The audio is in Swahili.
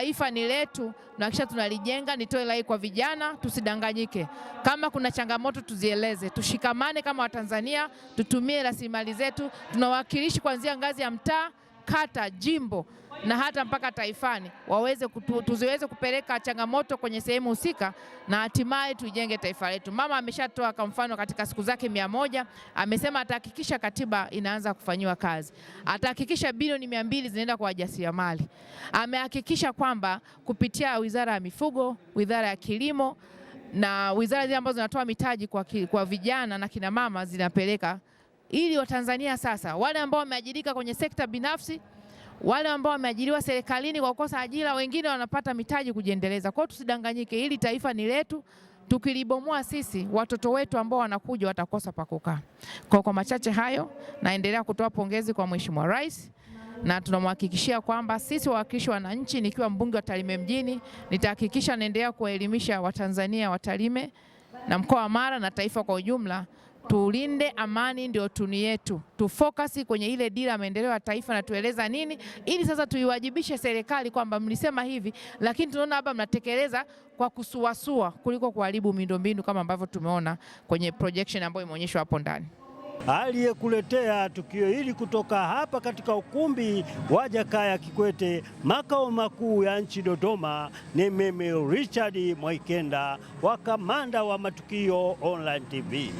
Taifa ni letu, tunahakikisha tunalijenga. Nitoe rai kwa vijana, tusidanganyike. Kama kuna changamoto tuzieleze, tushikamane kama Watanzania, tutumie rasilimali zetu. Tunawakilishi kuanzia ngazi ya mtaa, kata, jimbo na hata mpaka taifani waweze kutu, tuziweze kupeleka changamoto kwenye sehemu husika na hatimaye tuijenge taifa letu. Mama ameshatoa kwa mfano katika siku zake mia moja amesema atahakikisha katiba inaanza kufanyiwa kazi, atahakikisha bilioni mia mbili zinaenda kwa wajasiriamali. Amehakikisha kwamba kupitia wizara ya mifugo, wizara ya kilimo na wizara zile ambazo zinatoa mitaji kwa, kwa vijana na kina mama zinapeleka ili Watanzania sasa wale ambao wameajirika kwenye sekta binafsi wale ambao wameajiriwa serikalini kwa kukosa ajira, wengine wanapata mitaji kujiendeleza. Kwa hiyo tusidanganyike, hili taifa ni letu. Tukilibomoa sisi, watoto wetu ambao wanakuja watakosa pa kukaa. Kwa kwa machache hayo, naendelea kutoa pongezi kwa Mheshimiwa Rais na tunamhakikishia kwamba sisi wawakilishi wananchi, nikiwa mbunge wa Tarime mjini, nitahakikisha naendelea kuwaelimisha Watanzania wa Tarime na mkoa wa Mara na taifa kwa ujumla Tulinde amani, ndio tuni yetu. Tufokasi kwenye ile dira ya maendeleo ya taifa na tueleza nini, ili sasa tuiwajibishe serikali kwamba mlisema hivi, lakini tunaona hapa mnatekeleza kwa kusuasua kuliko kuharibu miundombinu kama ambavyo tumeona kwenye projection ambayo imeonyeshwa hapo ndani. Aliyekuletea tukio hili kutoka hapa katika ukumbi wa Jakaya Kikwete, makao makuu ya nchi Dodoma, ni mimi Richard Mwaikenda wa Kamanda wa Matukio Online TV.